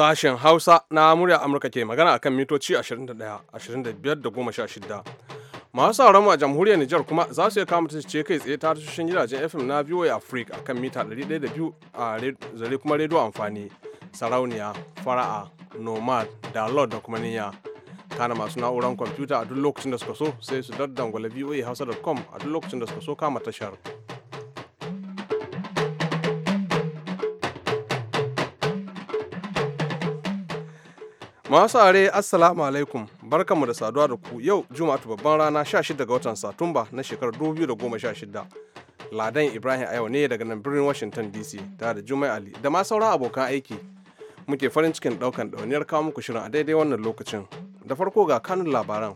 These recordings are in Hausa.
Sashen Hausa na murya Amurka ke magana akan mitoci 21, 25 da 16. Masu sauran a jamhuriyar Nijar kuma za su iya kama ce kai tsaye ta tashoshin gidajen FM na VOA Africa akan mita 102 a zare kuma rediyo amfani, sarauniya, fara'a, nomad, da da kuma niyya. Kana masu na'uran kwamfuta a duk lokacin da suka so sai su daddangwala voahausa.com a duk lokacin da suka so kama tashar. Masu are Assalamu alaikum barkanmu da saduwa da ku yau Juma'atu babban rana 16 ga watan Satumba na shekarar 2016. Ladan Ibrahim a yau ne daga nan birnin Washington DC tare da Jumai Ali da ma sauran abokan aiki. Muke farin cikin daukan dauniyar kawo muku shirin a daidai wannan lokacin. Da farko ga kanun labaran.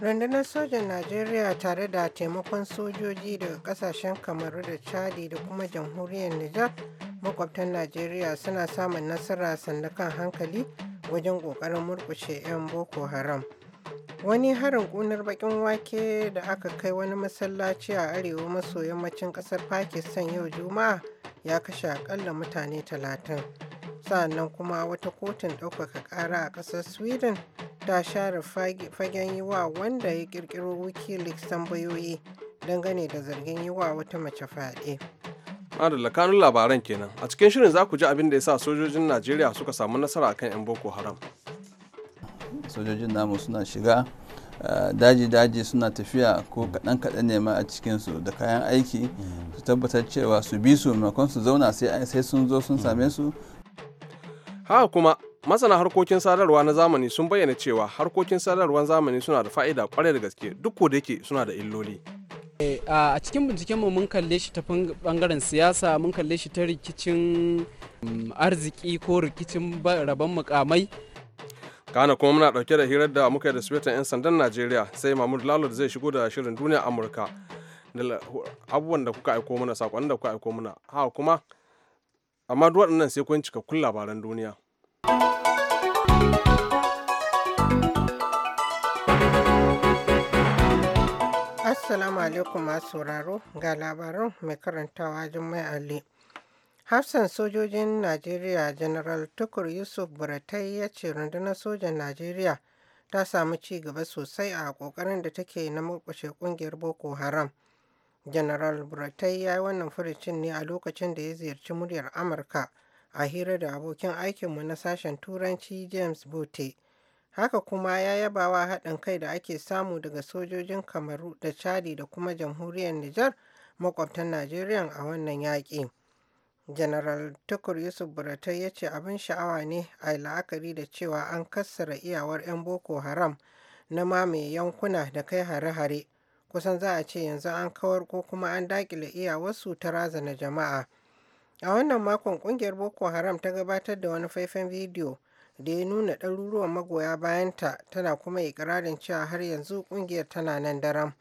Rundunar sojan Najeriya tare da taimakon sojoji daga kasashen Kamaru da Chadi da kuma jamhuriyar Nijar makwabtan Najeriya suna samun nasara kan hankali wajen ƙoƙarin murkushe 'yan boko haram wani harin ƙunar baƙin wake da aka kai wani masallaci a arewa maso yammacin ƙasar pakistan yau juma'a ya kashe akalla mutane talatin sannan kuma wata kotun ɗaukaka ƙara a ƙasar sweden ta share fagen yi wa wanda ya ƙirƙiro wikileaks tambayoyi dangane da zargin yi wa wata mace fyaɗe. adalla kanun labaran kenan a cikin shirin za ku ji abin da ya sa sojojin najeriya suka samu nasara akan 'yan boko haram sojojin namu suna shiga daji-daji eh, suna tafiya ko kaɗan-kaɗan ne ma a cikinsu da kayan aiki mm. su tabbatar cewa su bi su maimakon su zauna sai sun zo sun same mm. su haka kuma masana harkokin sadarwa na zamani sun bayyana cewa harkokin sadarwar zamani suna da fa'ida kwarai da gaske duk da yake suna da illoli. Eh, a cikin binciken mu mun kalle shi ta bangaren siyasa mun kalle shi ta rikicin mm, arziki ko rikicin rabon mukamai kana kuma muna dauke da hirar da muka yi da sufetan 'yan sandan najeriya sai mahmud lalo zai shigo da shirin duniya amurka abubuwan da kuka aiko mana sakon da kuka aiko mana haka kuma amma duk waɗannan sai kun cikakkun labaran duniya. Assalamu alaikum masu sauraro ga labarin mai karantawa Jummai Ali. Hafsan sojojin Najeriya General Tukur Yusuf Buratai ya ce rundunar sojan Najeriya ta samu ci gaba sosai a kokarin da take na murkushe kungiyar Boko Haram. General Buratai ya yi wannan furicin ne a lokacin da ya ziyarci muryar Amurka a hira da abokin aikinmu na sashen Turanci James Bote. Haka kuma ya yaba wa haɗin kai da ake samu daga sojojin Kamaru da Chadi da kuma jamhuriyar Nijar makwabtan Najeriya a wannan yaƙi. General Tukur Yusuf Buratai ya ce abin sha'awa ne a la'akari da cewa an kassara iyawar 'yan Boko Haram na mamaye yankuna da kai hare-hare. Kusan za a ce yanzu an kawar ko kuma an dakile iyawarsu ta razana jama'a. A wannan makon kungiyar Boko Haram ta gabatar da wani faifan bidiyo da ya nuna ɗaruruwan magoya bayanta tana kuma ikirarin cewa har yanzu ƙungiyar tana nan daram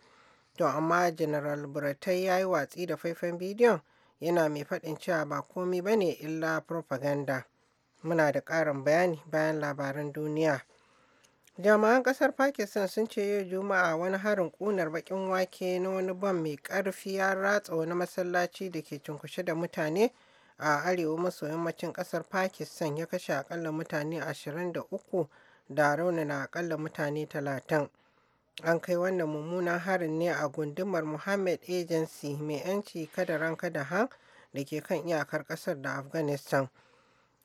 to amma general buratai ya yi watsi da faifan bidiyon yana mai faɗin cewa ba komi ba ne illa propaganda muna da ƙarin bayani bayan labaran duniya jama'an ƙasar pakistan sun ce yau juma'a wani harin ƙunar baƙin wake na wani bam mai ƙarfi ya ratsa wani masallaci da ke cunkushe da mutane a arewa maso yammacin kasar pakistan ya kashe akalla mutane 23 da raunana akalla mutane 30 an kai wannan mummunan harin ne a gundumar Mohammed agency mai 'yanci kada ranka da han da ke kan iyakar kasar da afghanistan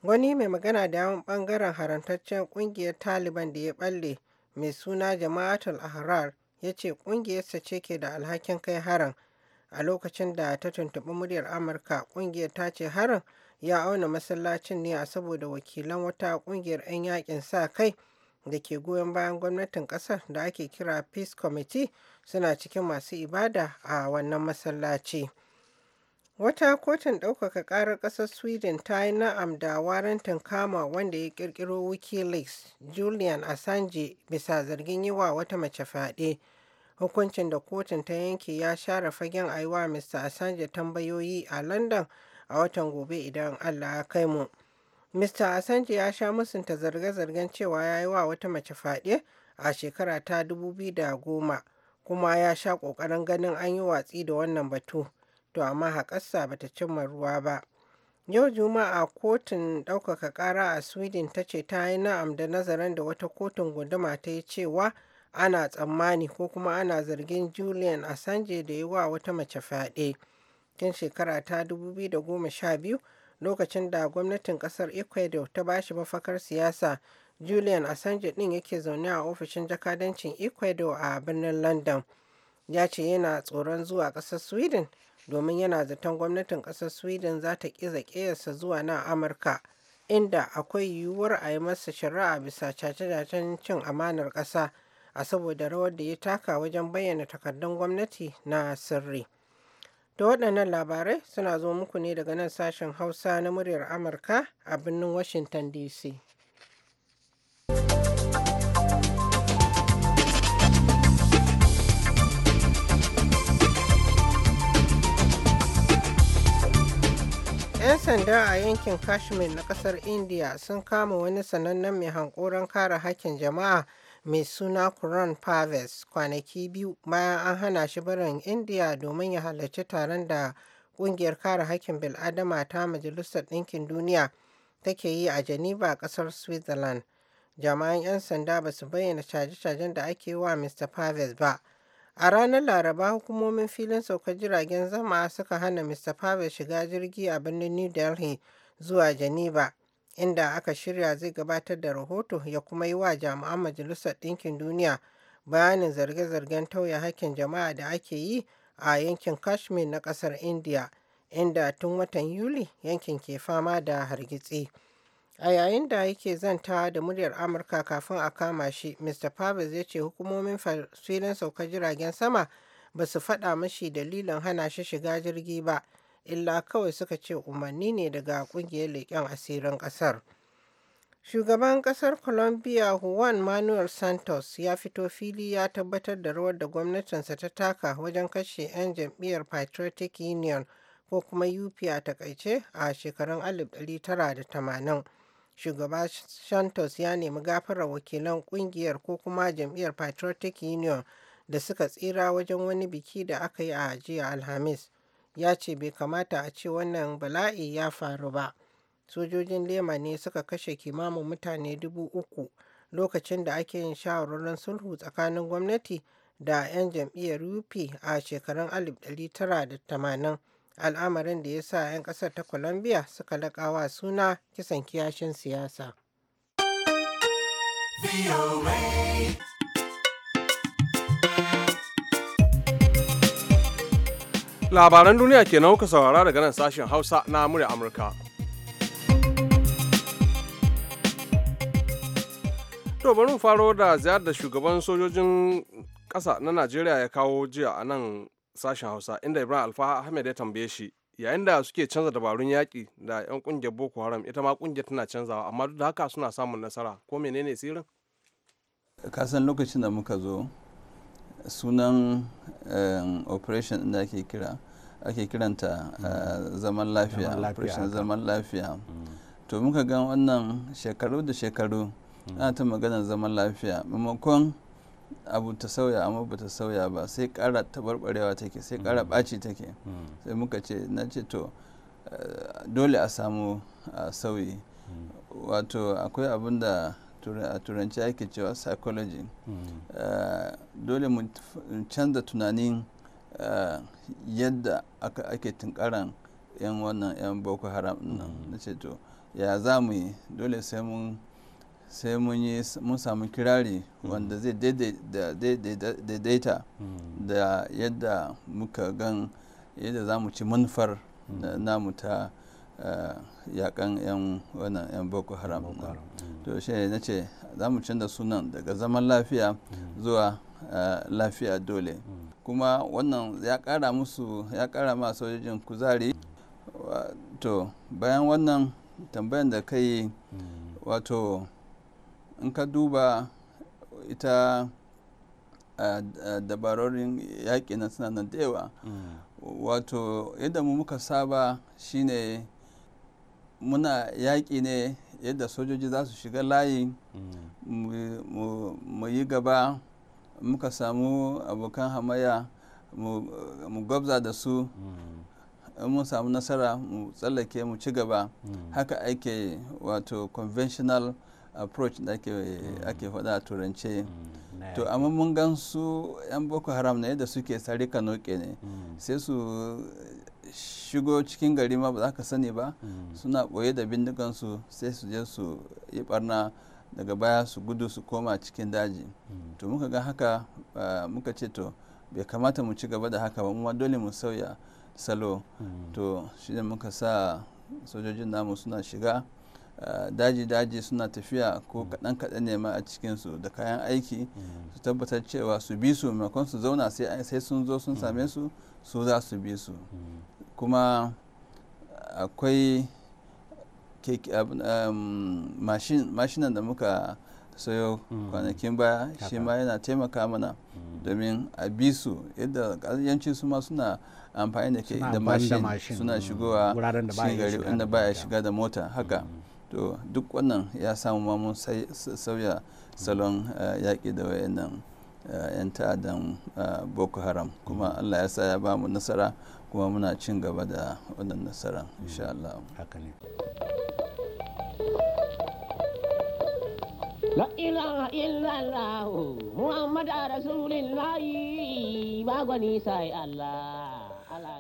wani mai magana da yawan bangaren harantaccen kungiyar taliban da ya balle mai suna jama'atul ahrar ya ce kungiyarsa ce ke da alhakin kai harin a lokacin da ta tuntuɓi muryar amurka ƙungiyar ta ce harin ya auna masallacin ne a saboda wakilan wata ƙungiyar 'yan yakin sa kai da ke goyon bayan gwamnatin ƙasar da ake kira peace committee suna cikin masu ibada a wannan masallaci wata kotun ɗaukaka ƙarar ƙasar sweden ta yi na'am da warantin kama wanda ya ƙirƙiro wikileaks julian assange bisa zargin yi wa wata mace fyaɗe. hukuncin da kotun ta yanke ya share fagen aiwa mr assange tambayoyi a london a watan gobe idan allah ya kai mu mr assange ya sha musunta zarge-zargen cewa ya yi wa wata mace fade a shekara ta dubu biyu da goma kuma ya sha ƙoƙarin ganin an yi watsi da wannan batu to amma ba ta cimma ruwa ba yau juma'a kotun ɗaukaka ƙara a sweden ta ce ta yi na'am da nazarin da wata kotun gunduma ta yi cewa ana tsammani ko kuma ana zargin julian assange da yi wa wata mace fyaɗe tun shekara ta 2012 lokacin da gwamnatin kasar ecuador ta bashi mafakar siyasa julian assange din yake zaune a ofishin jakadancin ecuador a birnin london ya ce yana tsoron zuwa kasar sweden domin yana zaton gwamnatin kasar sweden za ta ƙi zaƙeyarsa zuwa na amurka inda akwai yiwuwar a yi masa shari'a bisa cace-cacen cin amanar ƙasa a saboda rawar da ya taka wajen bayyana takardun gwamnati na sirri. Da waɗannan labarai suna zo muku ne daga nan sashen Hausa na muryar Amurka a birnin Washington DC. yan sanda a yankin kashmir na kasar india sun kama wani sanannen mai hankoron kare hakkin jama'a mai suna Kuran Parves kwanaki biyu bayan an hana shi barin India domin ya halarci taron da ƙungiyar kare hakkin bil'adama ta Majalisar Ɗinkin Duniya take yi a Geneva ƙasar Switzerland. Jama'an 'yan sanda ba su bayyana caje-cajen da ake wa Mr. Parves ba. A ranar Laraba hukumomin filin saukar jiragen zama suka hana Mr. Parves shiga jirgi a birnin New Delhi zuwa Geneva inda aka shirya zai gabatar da rahoto ya kuma yi wa jami'an majalisar ɗinkin duniya bayanin zarge-zargen tauye hakkin jama'a da ake yi a yankin kashmir na ƙasar india inda tun watan yuli yankin ke fama da hargitsi a yayin da yake zanta da muryar amurka kafin a kama shi mr pavis ya ce hukumomin filin saukar jiragen sama ba su faɗa mashi dalilin hana shi shiga jirgi ba illa kawai suka ce umarni ne daga kungiyar leƙen asirin ƙasar. Shugaban ƙasar Colombia Juan Manuel Santos ya fito fili ya tabbatar da rawar da gwamnatinsa ta taka wajen kashe 'yan jam'iyyar Patriotic Union ko kuma UP a takaice a shekarun 1980. Shugaba Santos ya nemi gafarar wakilan kungiyar ko kuma jam'iyyar Patriotic Union da suka tsira wajen wani biki da aka yi a jiya Alhamis. ya ce bai kamata a ce wannan bala'i ya faru ba sojojin lema ne suka kashe kimamin mutane dubu uku lokacin da ake yin shawarwarin sulhu tsakanin gwamnati da 'yan jam'iyyar up a shekarun 1980 al'amarin da ya sa 'yan ƙasar ta colombia suka laƙawa suna kisan kiyashin siyasa. labaran duniya ke kuka saurara daga nan sashen hausa na murya amurka to bari mu faro da ziyarar da shugaban sojojin ƙasa na najeriya ya kawo jiya a nan sashen hausa inda ibrahim alfaha ahmed ya tambaye shi yayin da suke canza dabarun yaƙi da 'yan ƙungiyar boko haram ita ma ƙungiyar tana canzawa amma duk da haka suna samun nasara ko menene sirrin kasan lokacin da muka zo sunan um, operation da ake kira ake kiranta uh, hmm. zaman lafiya operation zaman lafiya hmm. to muka ga wannan shekaru da shekaru hmm. ana ta magana zaman lafiya maimakon abu ta sauya amma ba ta sauya ba sai kara tabarbarewa take sai kara ɓaci take sai muka ce na ce to uh, dole a samu uh, sauyi wato akwai abin da a turanci ake cewa psychology hmm. eh, dole mu canza tunanin eh, yadda ake tunkaran 'yan wannan 'yan boko haram nan hmm. na ce to ya za mu yi dole sai mun sai mun samu kirari hmm. wanda zai daidaita da yadda muka gan yadda za mu ci manufar namu ta Eh, yakan yan wannan yan boko haram mm. to shi na ce za mu canza sunan daga zaman lafiya mm. zuwa eh, lafiya dole mm. kuma wannan ya kara musu ya kara ma sojojin kuzari to bayan wannan tambayan da ka yi wato in ka duba ita eh, dabarorin yaƙi na suna na yawa wato yadda mu muka saba shine muna yaƙi ne yadda sojoji za su shiga layi mu yi gaba muka samu abokan hamaya mu gwabza da su in mun samu nasara mu tsallake mu ci gaba haka ake wato conventional approach da ake faɗa a turance to amma mun gan su yan boko haram na yadda suke tsari kanoke ne sai su shigo cikin gari ma ba za ka sani ba hmm. suna ɓoye da bindigansu sai su je su yi barna daga baya su gudu su koma cikin daji hmm. to muka ga haka muka ce to bai kamata mu ci gaba da haka ba mu dole mu sauya salo hmm. to shi ne muka sa sojojin namu suna shiga daji-daji suna tafiya ko kaɗan-kaɗan ne ma a cikinsu da kayan aiki su tabbatar cewa su bi su maimakon su zauna sai sun zo sun same su su za su bi su kuma akwai um, mashinan da muka sayo mm. kwanakin baya shi ma yana taimaka mana mm. domin a bi su yadda yanci su ma suna amfani da ke da mashin suna mm. shigowa cikin gari wanda baya shiga da mota haka to duk wannan ya samu ma mun sauya salon uh, yaƙi da wayannan uh, 'yan ta'addan uh, boko haram kuma allah ya sa ya ba mu nasara kuma muna cin gaba da wannan nasara insha Allah haka ne La ilaha illallah Muhammad Rasulullah ba gani sai Allah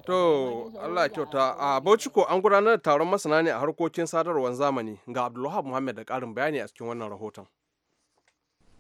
To Allah kyauta a Bauchi ko an gudanar da taron masana ne a harkokin sadarwar zamani ga Abdulwahab Muhammad da ƙarin bayani a cikin wannan rahoton.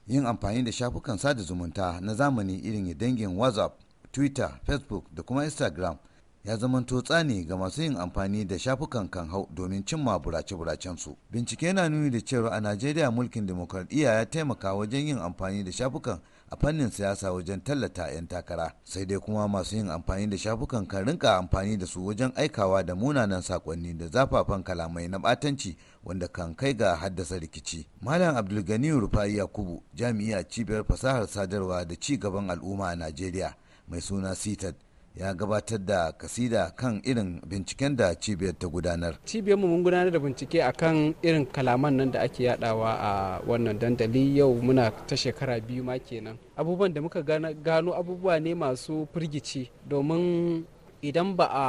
Yin amfani da shafukan sada zumunta na zamani irin dangin WhatsApp, Twitter, Facebook da kuma Instagram ya zamanto tsani ga masu yin amfani da shafukan kan hau domin cimma burace-buracensu. Bincike na nuni da cewa a Najeriya mulkin demokradiyya ya taimaka wajen yin amfani da shafukan a fannin siyasa wajen tallata 'yan takara sai dai kuma masu yin amfani da shafukan kan rinka amfani da su wajen aikawa da munanan sakonni da zafafan kalamai na batanci wanda kan kai ga haddasa rikici malam abdulgani rufai yakubu jami'a cibiyar fasahar sadarwa da ci gaban al'umma a najeriya mai suna sitad ya gabatar da kasida kan irin binciken da cibiyar ta gudanar. cibiyar mu mun gudanar da bincike a kan irin kalaman nan da ake yadawa a wannan dandali yau muna ta shekara biyu ma kenan. Abubuwan da muka gano abubuwa ne masu firgici domin idan ba a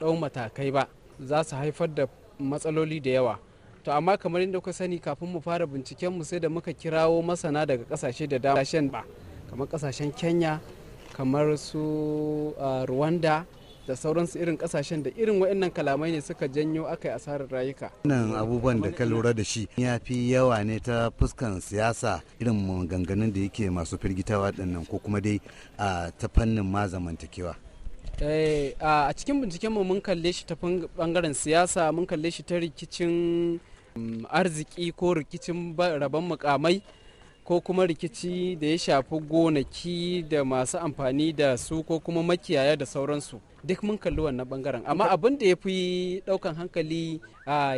ɗau matakai ba za su haifar da matsaloli da yawa. to amma kamar yadda kuka sani kafin mu fara binciken mu sai da muka kirawo masana daga kasashe da dama ba kamar kasashen kenya kamar su ah, rwanda da sauransu irin kasashen da irin waɗannan kalamai ne suka janyo aka yi asarar rayuka. Wannan abubuwan da ka lura da shi ya fi yawa ne ta fuskan siyasa irin maganganun da yake masu firgitawa ɗannan ko kuma dai a ah, ta fannin ma zamantakewa. Eh, a cikin binciken mu mun kalle shi ta bangaren siyasa mun kalle shi ta rikicin mm, arziki ko rikicin rabon mukamai ko kuma rikici da ya shafi gonaki da masu amfani da su ko kuma makiyaya da sauransu duk mun kalli wannan bangaren amma abin da ya fi daukan hankali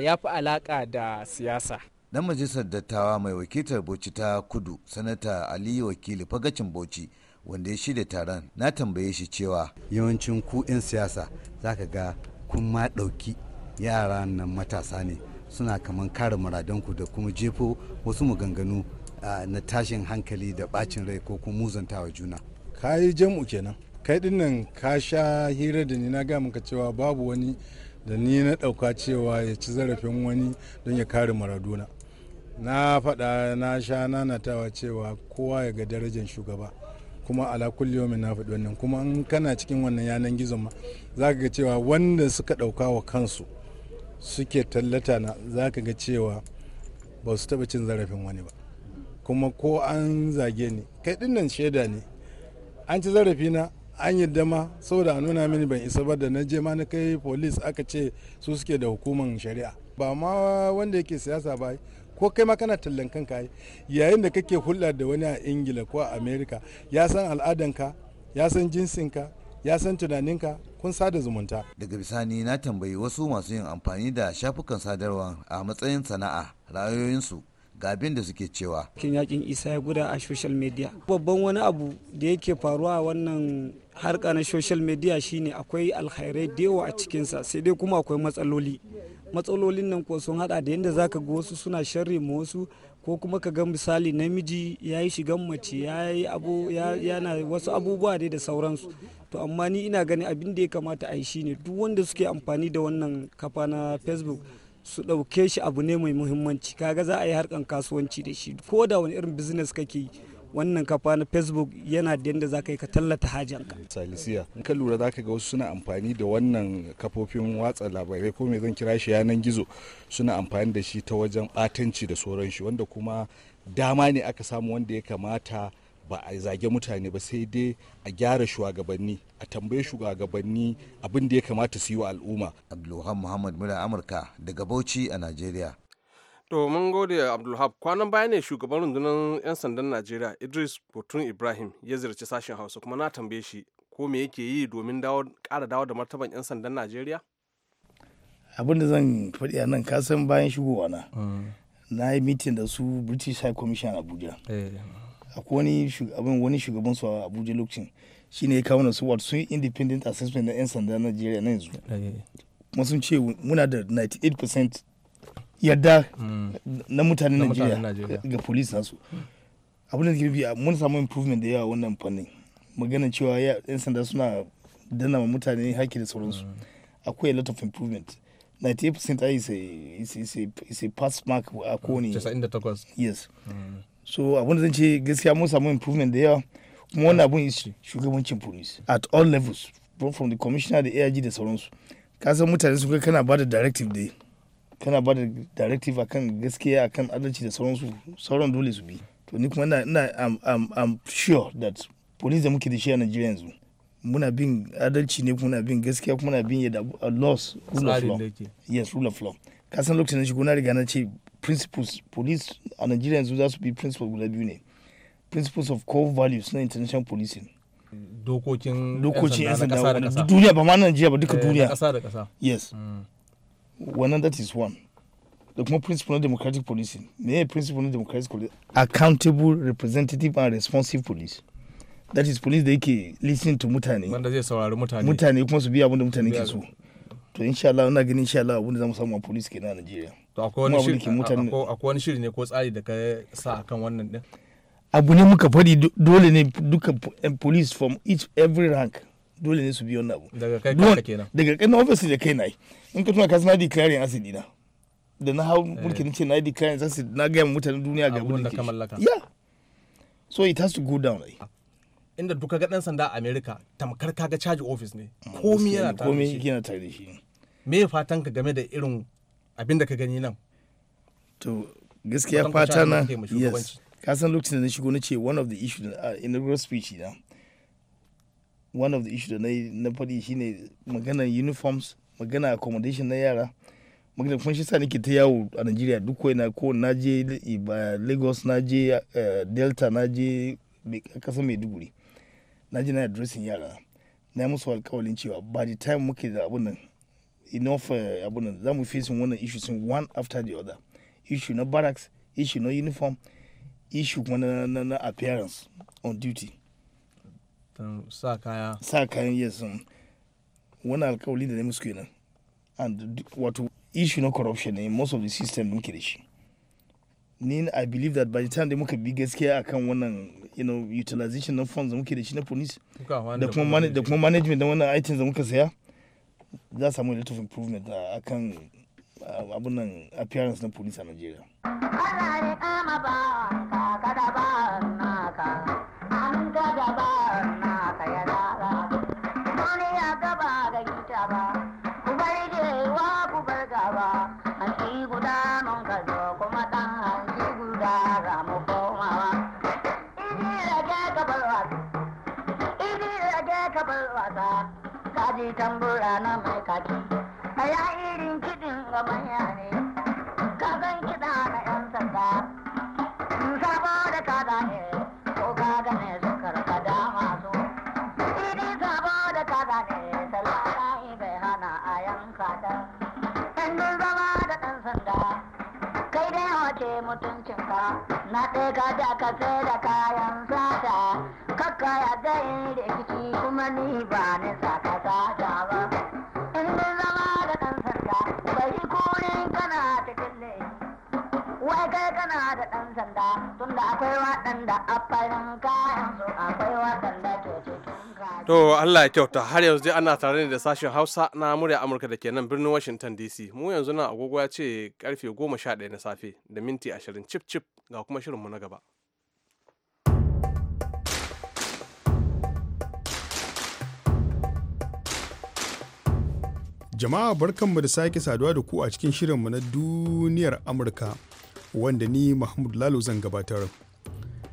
ya fi alaka da siyasa dan majalisar dattawa mai wakiltar bauchi ta kudu sanata aliyu wakili fagacin bauchi wanda ya shirya taron na tambaye shi cewa yawancin ku 'yan siyasa zaka ga kun ma ɗauki yara nan matasa ne suna kamar kare muradanku da kuma jefo wasu maganganu na tashin hankali da bacin rai ko kuma muzantawa juna ka yi jam'u kenan kai dinnan ka sha hira da ni na ga maka cewa babu wani da ni na ɗauka cewa ya ci zarafin wani don ya kare maradona na faɗa na sha nanatawa cewa kowa ya ga darajar shugaba kuma ala kulli na faɗi wannan kuma in kana cikin wannan yanan gizon ma za ga cewa wanda suka ɗauka wa kansu suke tallata na za ga cewa ba su taɓa cin zarafin wani ba kuma ko an zage ni kai dinnan shaida ne an ci zarafi na an yi dama saboda a nuna mini ban isa ba da na je ma na kai police aka ce su suke da hukuman shari'a ba ma wanda yake siyasa ba ko kai ma kana tallan kanka yayin da kake hulɗa da wani a ingila ko a america ya san al'adanka ya san jinsinka ya san tunaninka kun sada zumunta. Daga bisani na tambayi wasu masu yin amfani da shafukan sadarwa a matsayin sana'a ra'ayoyinsu ga abin da suke cewa kin yakin isa ya guda a social media babban wani abu da yake faruwa a wannan harka na social media shine akwai alkhairai da yawa a cikinsa sai dai kuma akwai matsaloli matsalolin nan ko sun hada da yadda za ka ga wasu suna sharri ma wasu ko kuma ka ga misali namiji ya yi shigan mace ya yi abu yana wasu abubuwa dai da sauransu to amma ni ina gani abin da ya kamata a yi shine duk wanda suke amfani da wannan kafa na facebook su ɗauke shi abu ne mai muhimmanci kaga za a yi harkan kasuwanci da shi ko da wani irin business kake yi wannan kafa na facebook yana da yadda za ka yi ka tallata ka. salisiya in ka lura za ka ga wasu suna amfani da wannan kafofin watsa labarai ko mai zan kira shi yanan gizo suna amfani da shi ta wajen batanci da sauran shi wanda kuma dama ne aka samu wanda ya kamata ba a zage mutane ba sai dai a gyara shugabanni a tambaye shugabanni abin da ya kamata su yi wa al'umma abdulluhan muhammad muna amurka daga bauchi a nigeria. to mun gode abdulhab kwanan baya ne shugaban rundunar 'yan sandan najeriya idris botun ibrahim ya ziyarci sashen hausa kuma na tambaye shi ko me yake yi domin kara dawo da martaban 'yan sandan najeriya abin da zan faɗi a nan kasan bayan shigowa na mm. na yi mitin da su british high commission abuja eh. akwai wani abin wani shugaban su a Abuja lokacin shine ya kawo su wato sun yi independent assessment na 'yan sanda na Najeriya na yanzu eh. kuma sun ce muna da 98% yadda hmm. na mutanen Najeriya ga polis nasu abu da ke mun samu improvement da yawa wannan fannin maganin cewa 'yan sanda suna dana ma mutane haƙƙi da sauransu hmm. akwai a lot of improvement 98% is a, is, a, is a pass mark a kowane hmm. yes mm. so abun da zan ce gaskiya mun samu improvement da yawa kuma wannan abun isu shugabancin police at all levels from the commissioner the AIG da sauransu ka san mutane sun kai kana ba da directive da kana ba da directive akan gaskiya akan adalci da sauransu sauran dole su bi to ni kuma ina am am am sure that police da muke da shi a Najeriya yanzu muna bin adalci ne muna bin gaskiya kuma muna bin yadda laws rule of law yes rule of law ka san lokacin da shi na riga na ce principles police a nigerians would have to be principles guda the ne principles of core values na international policing dokokin dokokin yan sanda wanda duniya ba ma Najeriya ba duka eh, duniya kasa da kasa yes mm. wannan that is one da kuma principle na democratic policing me ne principle na democratic policing accountable representative and responsive police that is police da yake listen to mutane wanda zai saurari mutane mutane kuma su biya abin mutane ke so to insha Allah ina ganin insha Allah abin zamu samu a police kenan a nigeria. to akwai wani shiri ne ko tsari da ka sa kan wannan din abu ne muka faɗi dole ne duka police from each every rank dole ne su biyo wannan abu daga kai kanka kenan daga kai na obviously da kai na yi in ka tuna ka na declaring acid na da na hau eh. mulki nace na yi declaring acid na ga mutanen duniya ga abin da ka mallaka ya so it has to go down like. inda duka ga dan sanda a America tamkar kaga charge office ne mm, komai yana tare da shi me fatan ka game da irin abin da ka gani nan to gaskiya fata na yes ka san lokacin da na shigo na ce one of the issue uh, in the speech na one of the issue da na faɗi shine magana uniforms magana accommodation na yara magana kuma shi sa nake ta yawo a Najeriya duk ko na ko na je Lagos na je uh, Delta na je kasar Maiduguri na je na dressing yara na musu alkawalin cewa by the time muke da abun nan enough abun za mu facing wannan issues one after the other issue na barracks issue na uniform issue kuma na, na, na appearance on duty sa kaya sa kaya yes um, wani alkawali da na musu kenan and wato issue na corruption ne most of the system din ke da i believe that by the time da muka bi gaskiya akan wannan you know utilization na funds da muke da shi na police da kuma management da wannan items da muka saya za a samu little improvement a kan abun appearance na police a Najeriya. Kada ba na ka, an kada ba na ka ya tambura na mai kaji a ya irin kiɗin ga manya ne Ka kagan kiɗa na yan sanda in sabo da kada ne ko kaga ne su karɓa dama su idi sabo da kada ne talata bai hana a yanka ta yan dun zama da ɗan sanda kai dai wace mutuncinka na ɗaya ka da ka sai da kayan sata kakka ya da rikici kuma ni ba ni saka sata akwai waɗanda a farin akwai waɗanda To Allah ya kyauta har yanzu dai ana tare ne da sashen Hausa na murya Amurka da ke nan birnin Washington DC. Mu yanzu nan agogo ya ce karfe goma na safe da minti 20 cip cip ga kuma shirinmu na gaba. Jama'a barkanmu da sake saduwa da ku a cikin shirinmu na duniyar Amurka. wanda ni Mahmud Lalo zan gabatar.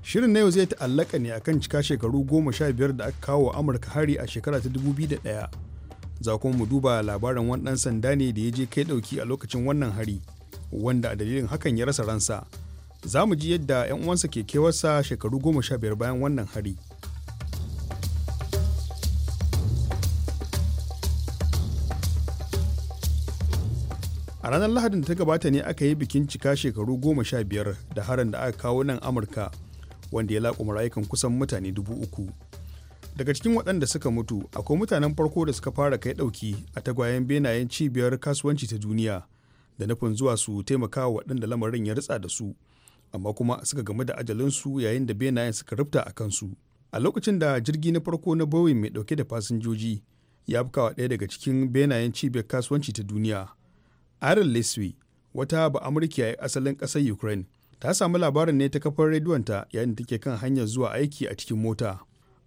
Shirin na yau zai ta'allaka ne akan cika shekaru goma sha biyar da aka kawo wa Amurka hari a shekara ta dubu biyu da ɗaya Za kuma mu duba labarin wani ɗan sanda ne da ya je kai ɗauki a lokacin wannan hari, wanda a dalilin hakan ya rasa ransa. Za mu ji yadda 'yan uwansa ke kewarsa shekaru goma sha biyar bayan wannan hari. a ranar lahadin ta gabata ne aka yi bikin cika shekaru goma sha biyar da harin da aka kawo nan amurka wanda ya laƙo rayukan kusan mutane dubu uku daga cikin waɗanda suka mutu akwai mutanen farko da suka fara kai ɗauki a tagwayen benayen cibiyar kasuwanci ta duniya da nufin zuwa su taimaka wa waɗanda lamarin ya ritsa da su amma kuma suka gamu da ajalinsu yayin da benayen suka rufta a kansu a lokacin da jirgi na farko na boeing mai ɗauke da fasinjoji ya kawa ɗaya daga cikin benayen cibiyar kasuwanci ta duniya Aaron Leslie wata ba amurka ya asalin ƙasar Ukraine ta samu labarin ne ta kafar rediyonta yayin da take kan hanyar zuwa aiki a cikin mota.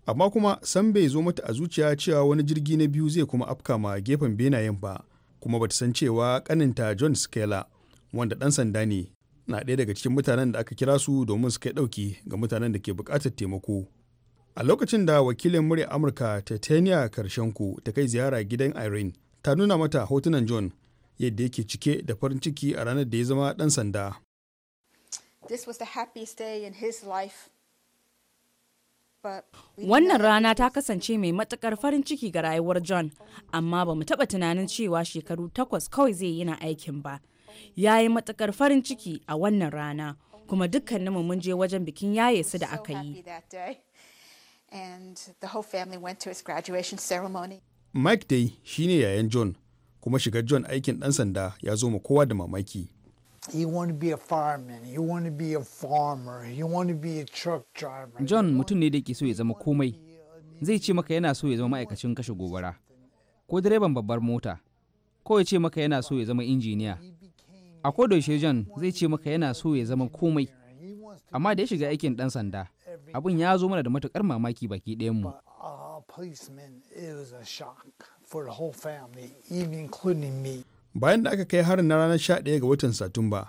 Amma kuma san bai zo mata a zuciya cewa wani jirgi na biyu zai kuma afka ma gefen benayen ba kuma bata san cewa kaninta John Skela wanda ɗan sanda ne na ɗaya daga cikin mutanen da aka kira su domin su kai ɗauki ga mutanen da ke buƙatar taimako. A lokacin da wakilin murya Amurka Titania Karshenko ta kai ziyara gidan Irene ta nuna mata hotunan John yadda yake cike da farin ciki a ranar da ya zama ɗan sanda. Wannan rana ta kasance mai matukar farin ciki ga rayuwar John, amma ba mu taɓa tunanin cewa shekaru takwas kawai zai yi na aikin ba. Ya yi matukar farin ciki a wannan rana, kuma dukkaninmu mun je wajen bikin yaye su da aka yi. Mike Day shine yayan John, kuma shiga john aikin ɗan sanda ya zo ma kowa da mamaki john mutum ne da ke so ya zama komai zai ce maka yana so ya zama ma'aikacin kashe gobara ko direban babbar mota ko ya ce maka yana so ya zama injiniya a kodayaushe john zai ce maka yana so ya zama komai amma da ya shiga aikin ɗan sanda abin ya zo mana da matukar mamaki baki ɗayanmu for the whole family, even including me. Bayan da aka kai harin na ranar ɗaya ga watan Satumba,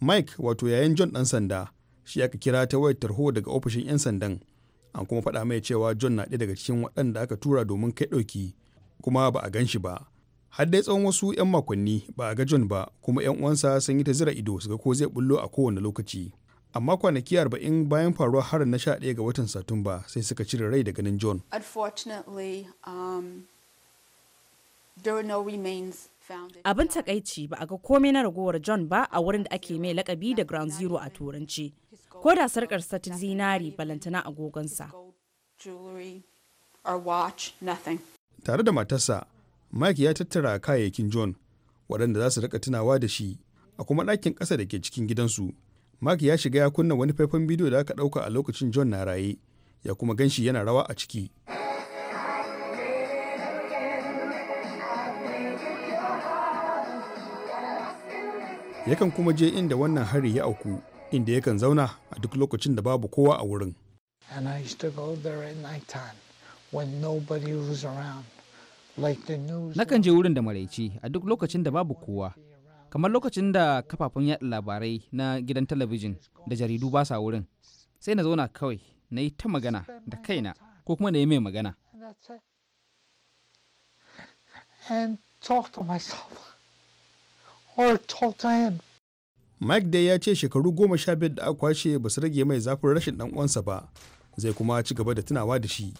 Mike wato yayin John ɗan sanda shi aka kira ta wayar tarho daga ofishin 'yan sandan. An kuma faɗa mai cewa John na ɗaya daga cikin waɗanda aka tura domin kai ɗauki kuma ba a gan shi ba. Har dai tsawon wasu 'yan makonni ba a ga John ba kuma 'yan uwansa sun yi ta zira ido su ga ko zai bullo a kowane lokaci. amma kwanaki arba'in bayan faruwar harin na 11 ga watan satumba sai suka cire rai da ganin john unfortunately um, Abin takaici ba a ga komai na ragowar John ba a wurin da ake mai lakabi da Ground Zero a Turanci, ko da sarkar ta zinari balantana agogonsa. Tare da matarsa, Mike ya tattara kayayyakin John waɗanda za su rika tunawa da shi a kuma ɗakin ƙasa da ke cikin gidansu. Mike ya shiga ya kunna wani faifan bidiyo da aka ɗauka a lokacin John na raye, ya kuma ganshi yana rawa a ciki. yakan kuma je inda wannan hari ya auku inda yakan zauna a duk lokacin da babu kowa a wurin Nakan je wurin da maraici a duk lokacin da babu kowa, kamar lokacin da kafafen yaɗa labarai na gidan talabijin da jaridu ba sa wurin, sai na zauna kawai na yi ta magana da kaina ko kuma na yi mai magana. And talk to myself. or Mike dai ya ce shekaru goma sha biyar da aka kwashe ba su rage mai zafin rashin dan uwansa ba, zai kuma ci gaba da tunawa da shi.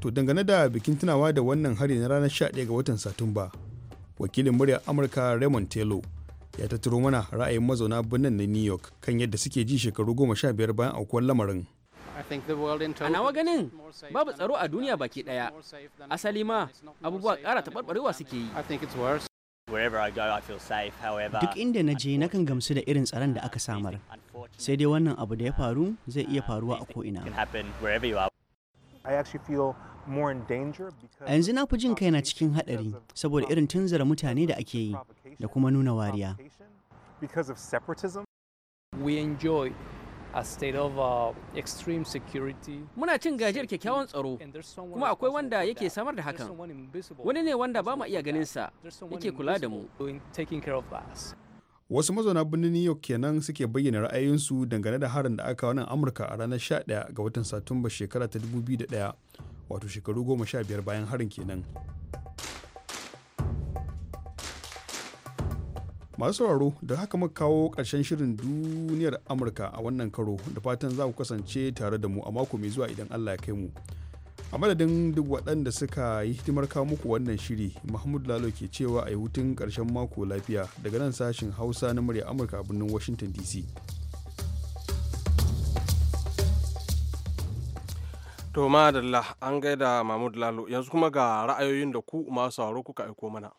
To dangane da bikin tunawa da wannan hari na ranar 11 ga watan Satumba, wakilin muryar Amurka Raymond Taylor ya tattaro mana ra'ayin mazauna birnin na New York kan yadda suke ji shekaru goma sha biyar bayan aukuwar lamarin. A nawa ganin babu tsaro a duniya baki ɗaya. Asali ma abubuwa ƙara taɓarɓarewa suke yi. Duk inda na je nakan gamsu da irin tsaron da aka samar. Sai dai wannan abu da ya faru zai iya uh, faruwa a ko'ina. A yanzu na fi jin kai na cikin haɗari saboda irin tunzara mutane da ake yi da kuma nuna wariya. a state of uh, security. Muna cin gajiyar kyakkyawan tsaro kuma akwai wanda yake samar da hakan. Wani ne wanda ba mu iya ganin sa yake kula da mu. Wasu mazauna birnin New York kenan suke bayyana ra'ayinsu dangane da harin da aka wannan Amurka a ranar 11 ga watan Satumba shekara ta 2001 wato shekaru 15 bayan harin kenan. masu sauraro da haka muka kawo ƙarshen shirin duniyar amurka a wannan karo da fatan za ku kasance tare da mu a mako mai zuwa idan allah ya kai mu a madadin duk waɗanda suka yi hidimar kawo muku wannan shiri mahmud lalo ke cewa a yi hutun ƙarshen mako lafiya daga nan sashin hausa na murya amurka a birnin washington dc to madalla an gaida mahmud lalo yanzu kuma ga ra'ayoyin da ku masu sauraro kuka aiko mana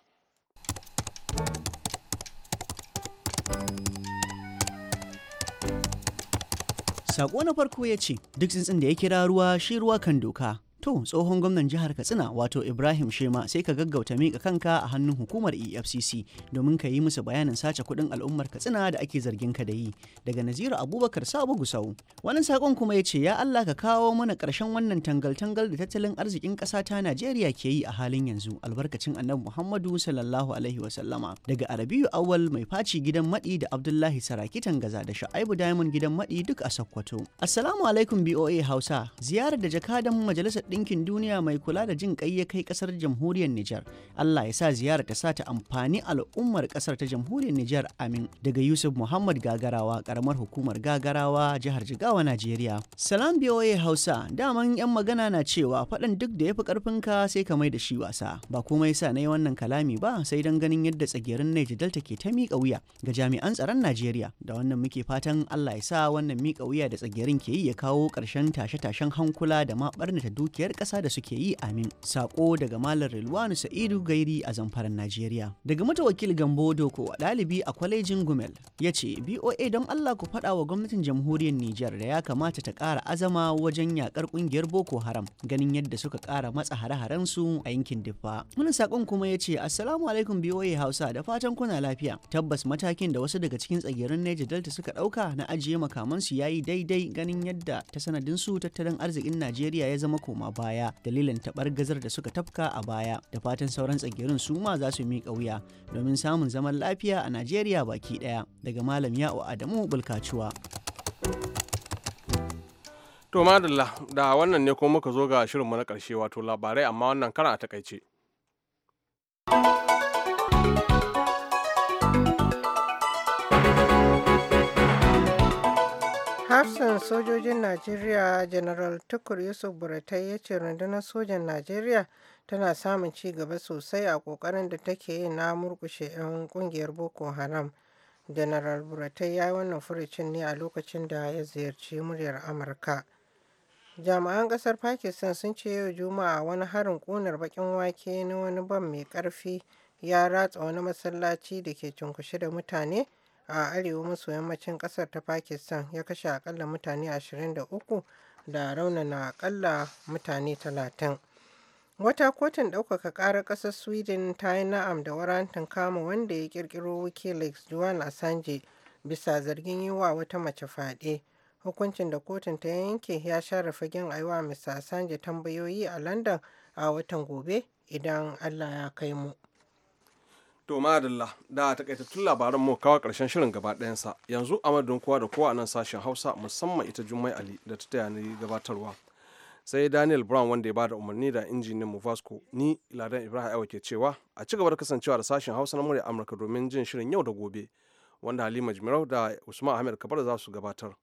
Saƙo na farko ya ce, duk tsintsin da ya kira ruwa shi ruwa kan doka. To tsohon gwamnan jihar Katsina wato Ibrahim Shema sai ka gaggauta mika kanka a hannun hukumar EFCC domin ka yi musu bayanin sace kuɗin al'ummar Katsina da ake zargin ka da yi daga Naziru Abubakar Sabu Gusau. Wani saƙon kuma ya ce ya Allah ka kawo mana ƙarshen wannan tangal-tangal da tattalin arzikin ƙasa ta Najeriya ke yi a halin yanzu albarkacin Annabi Muhammadu sallallahu alaihi wa sallama daga Arabiyu Awal mai faci gidan Madi da Abdullahi Saraki Tangaza da Sha'aibu Diamond gidan Madi duk a Sokoto. Assalamu alaikum BOA Hausa ziyarar da jakadan majalisar ɗinkin duniya mai kula da jin ƙai ya kai ƙasar jamhuriyar Nijar. Allah ya sa ziyarar ta sa ta amfani al'ummar ƙasar ta jamhuriyar Nijar amin daga Yusuf Muhammad Gagarawa ƙaramar hukumar Gagarawa jihar Jigawa Najeriya. Salam biyoye Hausa daman 'yan magana na cewa faɗan duk da ya fi ƙarfinka sai ka mai da shi wasa ba komai sa na yi wannan kalami ba sai don ganin yadda tsagerin Niger Delta ke ta miƙa wuya ga jami'an tsaron Najeriya da wannan muke fatan Allah ya sa wannan miƙa wuya da tsagerin ke yi ya kawo ƙarshen tashe-tashen hankula da ma ɓarnata dukiyar dukiyar ƙasa da suke yi amin sako daga malam rilwanu sa'idu gairi a zamfaran najeriya daga matawakil gambo doko ɗalibi a kwalejin gumel ya ce boa don allah ku faɗa wa gwamnatin jamhuriyar nijar da ya kamata ta ƙara azama wajen yaƙar ƙungiyar boko haram ganin yadda suka ƙara matsa hare-haren su a yankin diffa wani sakon kuma ya ce assalamu alaikum boa hausa da fatan kuna lafiya tabbas matakin da wasu daga cikin tsagerin niger delta suka ɗauka na ajiye makamansu yayi daidai ganin yadda ta sanadin su tattalin arzikin najeriya ya zama koma baya dalilin gazar da suka tafka a baya da fatan sauran tsagerun su ma za su miƙa wuya domin samun zaman lafiya a Najeriya baki ɗaya daga Malam Ya'u Adamu Bulkacuwa. To madalla da wannan ne kuma muka zo ga shirin mu na ƙarshe wato labarai amma wannan kana a takaice. sojojin Najeriya General Tukur Yusuf Buratai ya ce rundunar sojan Najeriya tana samun ci gaba sosai a ƙoƙarin da take yi na murkushe 'yan ƙungiyar Boko Haram. General Buratai ya yi wannan furucin ne a lokacin da ya ziyarci muryar Amurka. Jami'an ƙasar Pakistan sun ce yau Juma'a wani harin kunar baƙin wake na wani ban mai ƙarfi ya ratsa wani masallaci da ke cunkushe da mutane. a arewa maso yammacin kasar ta pakistan ya kashe akalla mutane 23 da raunana akalla mutane 30 wata kotun ɗaukaka ƙarar ƙasar sweden ta yi na'am da warantin kama wanda ya ƙirƙiro wikileaks juan assange bisa zargin yi wa wata mace fyaɗe hukuncin da kotun ta yanke ya share fagen aiwa mr assange tambayoyi a london a watan gobe idan allah ya kai mu To madalla da tun labaran mu kawo karshen shirin gaba ɗayansa yanzu a madadin kowa da kowa a nan sashen Hausa musamman ita Jummai Ali da ta taya ni gabatarwa. Sai Daniel Brown wanda ya bada umarni da injiniyan mu Vasco ni Ladan Ibrahim Aiwa ke cewa a ci gaba da kasancewa da sashen Hausa na murya Amurka domin jin shirin yau da gobe wanda Halima jimirau da Usman Ahmed Kabar za su gabatar.